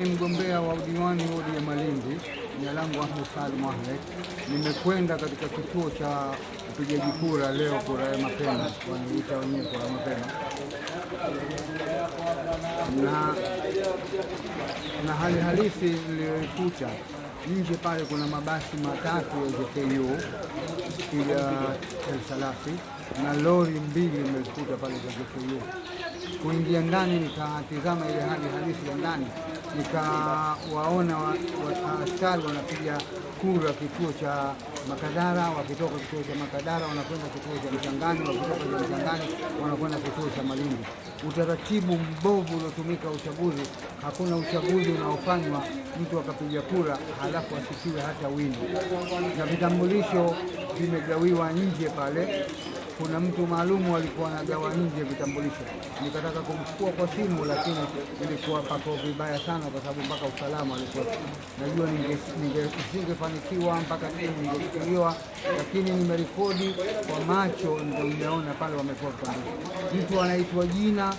Ni mgombea wa udiwani wodi ya Malindi, jina langu Ahmed Salim Ahmed. Nimekwenda katika kituo cha upigaji kura leo, kura ya mapema wanaita wenyewe, kura ya mapema na, na hali halisi niliyoikuta nje pale, kuna mabasi matatu ya JKU ya Salafi na lori mbili nimezikuta pale za JKU kuingia ndani, nikatizama ile hali halisi ya ndani, nikawaona waaskari wanapiga kura kituo cha Makadara, wakitoka kituo cha Makadara wanakwenda kituo cha Mchangani, wakitoka cha Mchangani wanakwenda kituo cha Malindi. Utaratibu mbovu uliotumika uchaguzi. Hakuna uchaguzi unaofanywa mtu akapiga kura halafu asikiwe hata wino, na vitambulisho vimegawiwa nje pale kuna mtu maalum alikuwa anagawa nje vitambulisho, nikataka kumchukua kwa simu, lakini ilikuwa pako vibaya sana, kwa sababu mpaka usalama alikuwa najua, nisingefanikiwa mpaka ningechukuliwa, lakini nimerekodi kwa macho, ndio nimeona pale wamekuwa vitambulisho. Mtu anaitwa jina,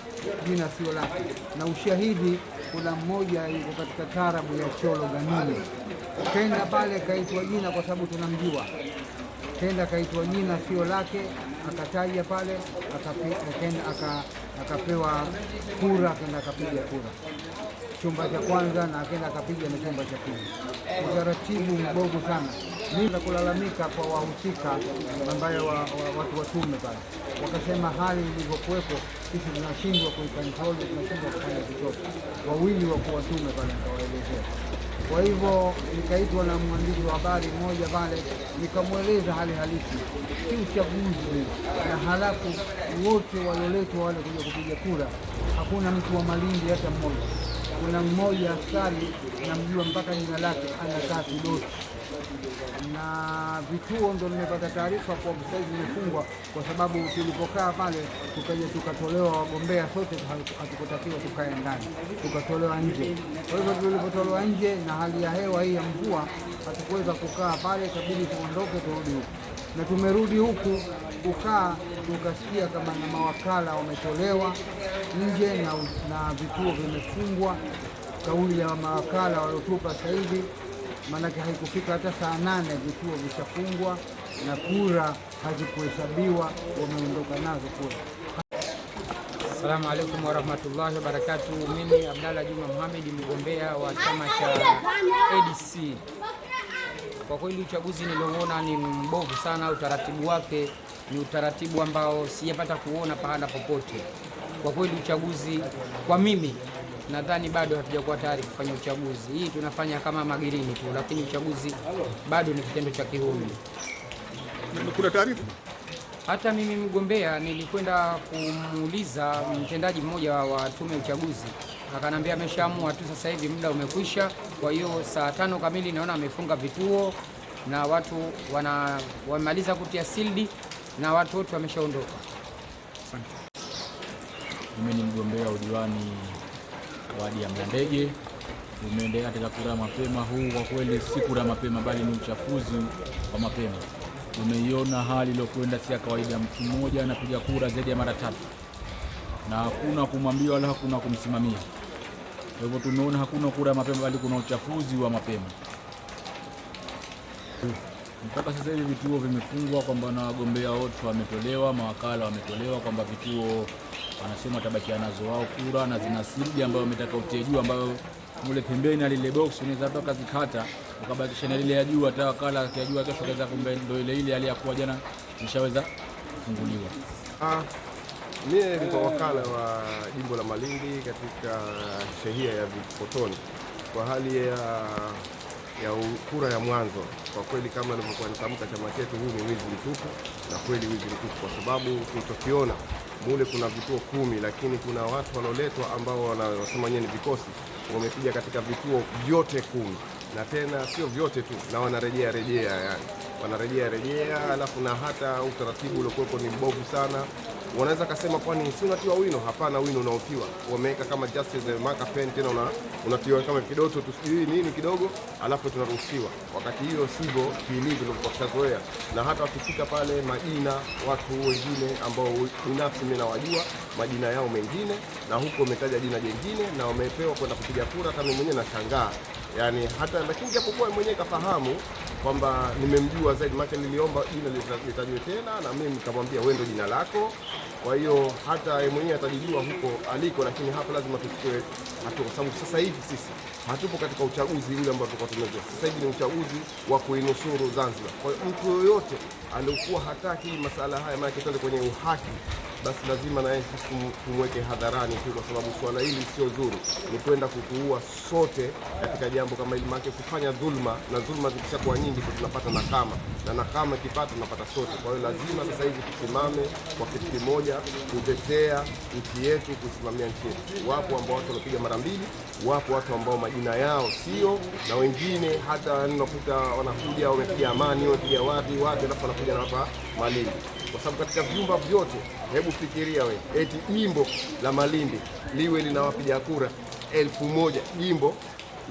jina sio lake, na ushahidi, kuna mmoja yuko katika tarabu ya Cholo Ganini, kenda pale kaitwa jina kwa sababu tunamjua Tenda akaitwa jina sio lake, akataja pale, akapewa kura, kenda akapiga kura chumba cha kwanza na akenda akapiga na chumba cha pili. Utaratibu mbovu sana. Mimi na kulalamika kwa wahusika ambayo wa, wa, watu watume pale wakasema hali ilivyokuwepo, sisi tunashindwa kuikontrol, tunashindwa kufanya chochote. Wawili wakuu watume pale nikawaelezea. Kwa hivyo nikaitwa na mwandishi wa habari mmoja pale, nikamweleza hali halisi, si uchaguzi na halafu wote walioletwa wale kuja kupiga kura, hakuna mtu wa Malindi hata mmoja kuna mmoja askari namjua mpaka jina lake, anakaa Kidoti na vituo ndo nimepata taarifa kwa sasa zimefungwa, kwa sababu tulipokaa pale tukaja tukatolewa wagombea sote, hatukotakiwa tukae ndani, tukatolewa nje. Kwa hivyo tulipotolewa nje na hali ya hewa hii ya mvua, hatukuweza kukaa pale, ikabidi tuondoke turudi huku, na tumerudi huku kukaa Tukasikia kama na mawakala wametolewa nje na, na vituo vimefungwa. Kauli ya mawakala waliotupa sasa hivi, maanake haikufika hata saa nane vituo vishafungwa na kura hazikuhesabiwa, wameondoka nazo kura. Assalamu alaikum warahmatullahi wabarakatu Mimi Abdalla Juma Muhammad, mgombea wa chama cha ADC kwa kweli uchaguzi niliouona ni mbovu sana. Utaratibu wake ni utaratibu ambao sijapata kuona pahala popote. Kwa kweli uchaguzi kwa mimi nadhani bado hatujakuwa tayari kufanya uchaguzi. Hii tunafanya kama magirini tu, lakini uchaguzi bado ni kitendo cha kihuni. Kuna taarifa hata mimi mgombea nilikwenda kumuuliza mtendaji mmoja wa tume ya uchaguzi akanambia ameshaamua tu sasa hivi muda umekwisha. Kwa hiyo saa tano kamili naona amefunga vituo na watu wana wamemaliza kutia sildi na watu wote wameshaondoka. Mimi ni mgombea udiwani wadi ya Mlandege. Umeendelea katika kura mapema huu, kwa kweli si kura mapema, bali ni uchafuzi wa mapema. Umeiona hali iliyokwenda si ya kawaida. Mtu mmoja anapiga kura zaidi ya mara tatu, na hakuna kumwambia wala hakuna kumsimamia. Kwa hivyo tumeona hakuna kura ya mapema, bali kuna uchafuzi wa mapema. Mpaka sasa hivi vituo vimefungwa, kwamba na wagombea wote wametolewa, mawakala wametolewa, kwamba vituo wanasema watabakia nazo wao kura na zina sidi ambayo umetaka utie juu, ambayo mule pembeni alile box unaweza hata ukazikata ukabakisha na lile ya juu, hata wakala akijua kesho kaweza kumbe ndio ile ile aliyakuwa jana ishaweza kufunguliwa. Ah, Mie kwa wakala wa jimbo la Malindi katika shehia ya vipotoni kwa hali ya, ya kura ya mwanzo. Kwa kweli kama nilivyokuwa nitamka, chama chetu huu ni wizi mtupu, na kweli wizi mtupu, kwa sababu tulichokiona mule kuna vituo kumi, lakini kuna watu waloletwa ambao wanasema wenyewe ni vikosi, wamekuja katika vituo vyote kumi, na tena sio vyote tu, na wanarejea rejea, yani wanarejea rejea, alafu na hata utaratibu uliokuwepo ni mbovu sana. Wanaweza kasema kwani si unatiwa wino? Hapana, wino unaotiwa wameweka kama just as a marker pen, tena una, unatiwa kama kidoto tu sijui nini kidogo, alafu tunaruhusiwa. Wakati hiyo sivyo kiilivyo, ndio tushazoea, na hata wakifika pale majina, watu wengine ambao binafsi mimi nawajua majina yao mengine, na huko umetaja jina jingine na wamepewa kwenda kupiga kura, kama mwenyewe nashangaa yani hata lakini japokuwa mwenyewe kafahamu kwamba nimemjua zaidi, make niliomba jina litajwe tena, na mimi nikamwambia wewe ndio jina lako. Kwa hiyo hata yeye mwenyewe atajijua huko aliko, lakini hapa lazima tuchukue hatua, kwa sababu sasa hivi sisi hatupo katika uchaguzi ule ambao tulikuwa tumezoea. Sasa hivi ni uchaguzi wa kuinusuru Zanzibar. Kwa hiyo mtu yoyote aliokuwa hataki masala haya, maana twende kwenye uhaki basi lazima naye sisi tumweke hadharani tu, kwa sababu swala hili sio zuri, ni kwenda kukuua sote katika jambo kama hili, maana kufanya dhulma, na dhulma zikishakuwa nyingi tunapata nakama, na nakama ikipata tunapata sote. Kwa hiyo lazima sasa hivi tusimame kwa kitu kimoja, kutetea nchi yetu, kusimamia nchi yetu. Wapo ambao watu wanapiga mara mbili, wapo watu ambao majina yao sio, na wengine hata unakuta wanakuja wamepiga amani, wamepiga wapi wapi, alafu wanakuja na wapa Malindi, kwa sababu katika vyumba vyote, hebu fikiria we, eti jimbo la Malindi liwe lina wapiga kura elfu moja jimbo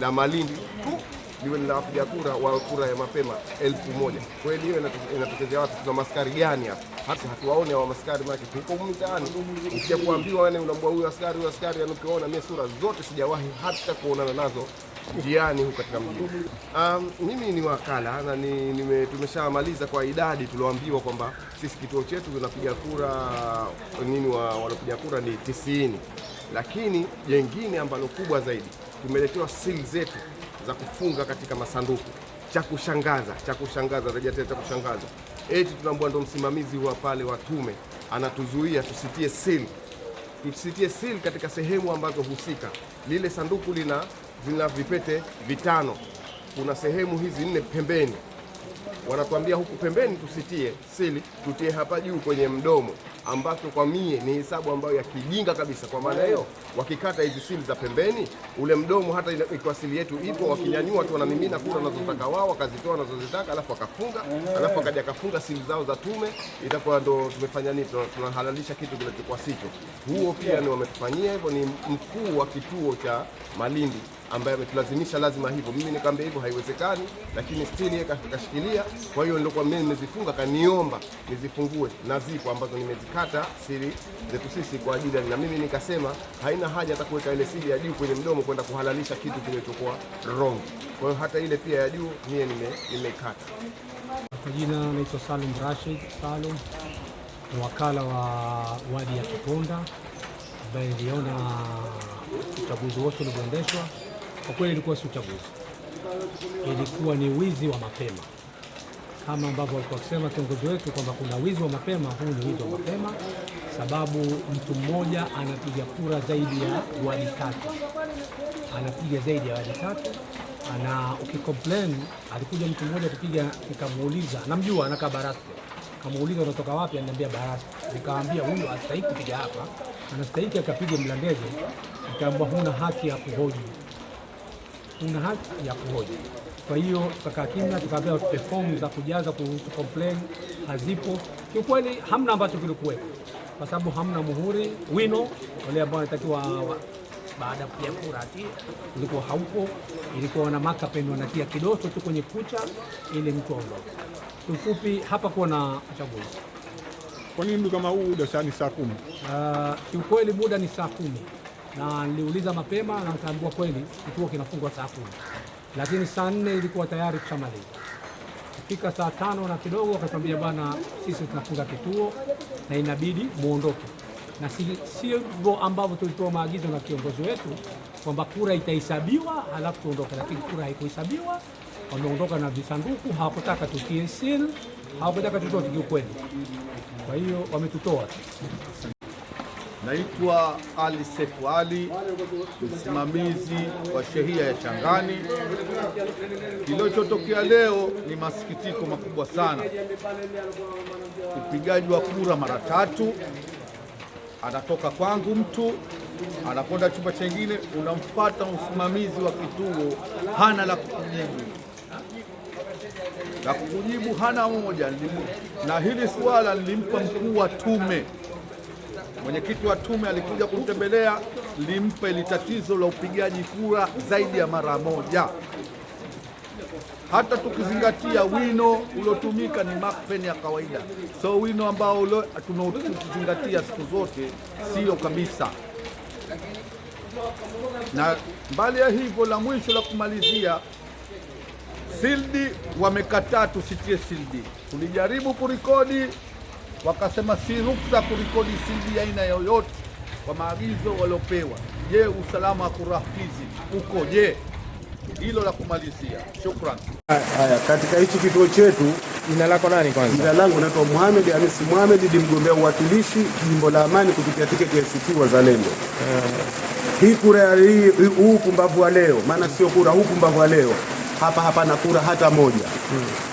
la Malindi tu liwe lina wapiga kura wa kura ya mapema elfu moja kweli hiyo inatokezea watu Tuna maskari gani hapa? Hata hatuwaone hawa maskari, maana tuko mtaani. Ukija kuambiwa wewe, yaani unaambia huyu askari, huyu askari, anakiona yaani mimi sura zote sijawahi hata kuonana nazo jiani huko katika mjini. Um, mimi ni wakala na ni, nime, tumeshamaliza kwa idadi tulioambiwa kwamba sisi kituo chetu tunapiga kura nini wa wanapiga kura ni tisini, lakini jengine ambalo kubwa zaidi tumeletewa sili zetu za kufunga katika masanduku. Cha kushangaza cha kushangaza, rejea tena, cha kushangaza, eti tunaambua ndo msimamizi wa pale wa tume anatuzuia tusitie sili tusitie sili katika sehemu ambazo husika. Lile sanduku lina zina vipete vitano. Kuna sehemu hizi nne pembeni, wanatuambia huku pembeni tusitie sili, tutie hapa juu kwenye mdomo, ambacho kwa mie ni hesabu ambayo ya kijinga kabisa. Kwa maana hiyo, wakikata hizi sili za pembeni, ule mdomo hata ikiwa sili yetu ipo, wakinyanyua tu wanamimina kura wanazotaka wao, wakazitoa wanazozitaka, alafu wakafunga, alafu akaja akafunga sili zao za tume, itakuwa ndo tumefanya nini? Tunahalalisha kitu kinachokuwa sicho. Huo pia ni wametufanyia hivyo, ni mkuu wa kituo cha Malindi ambaye ametulazimisha lazima hivyo. Mimi nikamwambia hivyo haiwezekani, lakini still yeye kashikilia. Kwa hiyo ndio kwa mimi nimezifunga, kaniomba nizifungue, na zipo ambazo nimezikata siri zetu sisi kwa ajili, na mimi nikasema haina haja hata kuweka ile siri ya juu kwenye mdomo kwenda kuhalalisha kitu kilichokuwa wrong. Kwa hiyo hata ile pia ya juu nime nimekata Kwa jina naitwa Salim Rashid Salum, wakala wa wadi ya Kiponda ambaye niliona uchaguzi wote ulivyoendeshwa kwa kweli ilikuwa si uchaguzi, ilikuwa ni wizi wa mapema, kama ambavyo walikuwa akisema kiongozi wetu kwamba kuna wizi wa mapema. Huu ni wizi wa mapema, sababu mtu mmoja anapiga kura zaidi ya wadi tatu, anapiga zaidi ya wadi tatu na ukicomplain, alikuja mtu mmoja kupiga, nikamuuliza, namjua anakaa Baraste, kamuuliza unatoka wapi? Ananiambia Baraste. Nikamwambia huyu hastahiki kupiga hapa, anastahiki akapiga Mlandege. Nikaambia huna haki ya kuhoji kuna haki ya kuhoji. Kwa hiyo tukakaa kimya, tukaambiwa fomu za kujaza kuhusu complain, hazipo. Kiukweli hamna ambacho kilikuwepo, kwa sababu hamna muhuri wino wale ambao wanatakiwa baada ya kupiga kura ulikuwa haupo. Ilikuwa wana makapeni wanatia kidoto tu kwenye kucha ili mtu aondoke. Kiufupi, hapa kuwa na uchaguzi. Kwa nini kama huu muda saa ni saa kumi? Uh, kiukweli muda ni saa kumi na niliuliza mapema na nikaambiwa kweli kituo kinafungwa saa kumi, lakini saa nne ilikuwa tayari kushamaliza. fika saa tano na kidogo wakatuambia, bwana, sisi tunafunga kituo na inabidi muondoke, na sivyo ambavyo tulitoa maagizo na kiongozi wetu kwamba kura itahesabiwa halafu tuondoke, lakini kura haikuhesabiwa. Wameondoka na visanduku, hawakutaka tutie seal, hawakutaka tutoe kiukweli. Kwa hiyo wametutoa Naitwa Ali Sefu Ali, msimamizi wa shehia ya Changani. Kilichotokea leo ni masikitiko makubwa sana, upigaji wa kura mara tatu. Anatoka kwangu mtu anakwenda chumba chengine, unampata msimamizi wa kituo, hana la kukujibu la kukujibu hana moja. Na hili suala nilimpa mkuu wa tume Mwenyekiti wa tume alikuja kumtembelea, limpa li tatizo la upigaji kura zaidi ya mara moja, hata tukizingatia wino uliotumika ni mapeni ya kawaida, so wino ambao tunaozingatia siku zote sio kabisa. Na mbali ya hivyo, la mwisho la kumalizia sildi, wamekataa tusitie sildi. Tulijaribu kurikodi wakasema si ruksa kurekodi CD aina yoyote kwa maagizo waliopewa. Je, usalama wa kurafizi uko je? Hilo la kumalizia, Shukrani. Haya, katika hichi kituo chetu, jina lako nani kwanza? Jina langu naitwa Mohamed Hamisi Mohamed, ni mgombea uwakilishi jimbo la Amani kupitia tiketi ya ACT Wazalendo. Eh. Hii kura huu pumbavu wa leo, maana sio kura huu pumbavu wa leo hapa, hapana kura hata moja. Hmm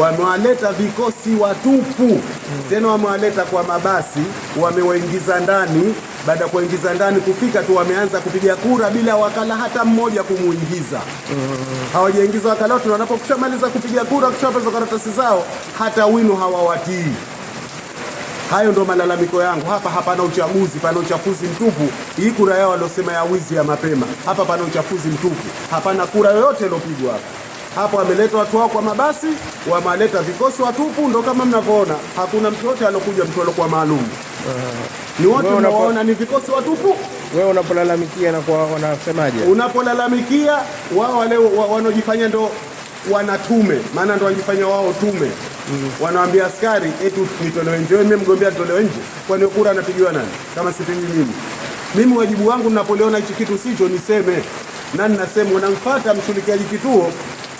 wamewaleta vikosi watupu mm. Tena wamewaleta kwa mabasi, wamewaingiza ndani. Baada ya kuwaingiza ndani, kufika tu wameanza kupiga kura bila wakala hata mmoja kumuingiza mm. Hawajaingiza wakala watu wanapokushamaliza kupiga kura, kushapaza karatasi zao, hata wino hawawatii. Hayo ndo malalamiko yangu hapa. Hapana uchaguzi, pana uchafuzi mtupu. Hii kura yao waliosema ya wizi ya mapema, hapa pana uchafuzi mtupu, hapana kura yoyote iliyopigwa hapa. Hapo wameleta watu wao kwa mabasi, wamaleta vikosi watupu, ndo kama mnavyoona, hakuna mtu yote alokuja, mtu alokuwa maalum eh. ni wote unaona, ni vikosi watupu. Wewe unapolalamikia na kwa wanasemaje? Unapolalamikia wao wale wanaojifanya ndo wanatume maana ndo wanajifanya wao tume mm. Wanawaambia askari etu nitolewe nje. Mimi mgombea nitolewe nje? Kwani kura anapigiwa nani kama sipingi mimi? Mimi wajibu wangu ninapoliona hichi kitu sicho niseme, nani, nasema unamfuata mshirikiaji kituo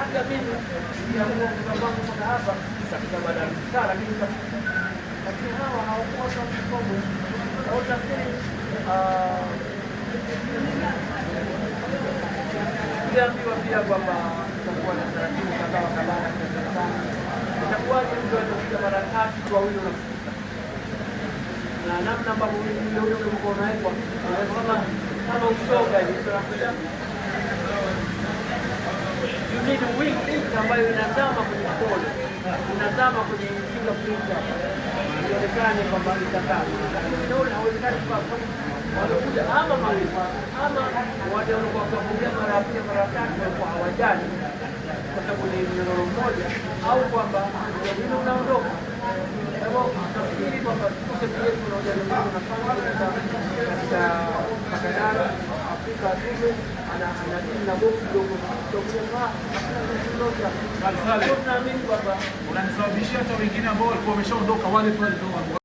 hata mimi sijaamua kuzambangu mpaka hapa katika badala saa, lakini lakini hawa hawakuwa sawa kidogo, ah, nafikiri tuliambiwa pia kwamba itakuwa na taratibu kadhaa wa kadhaa katika serikali. Itakuwaje mtu atakuja mara tatu kwa wili unafutika na namna ambavyo ule ule ulikuwa unawekwa kama usoga hivi tunakuja lakini ambayo inazama kwenye pole inazama kwenye msinga kuita ionekane kwamba itakata wanakuja ama maarifa ama wale wanakuwa kuambia mara ya pili mara tatu walikuwa hawajali kwa sababu ni mnyororo mmoja au kwamba mjadili unaondoka nafikiri kwamba kusemi yetu na ujadili unafanya katika Afrika Tume unanisababishia hata wengine ambao walikuwa wameshaondoka wale pale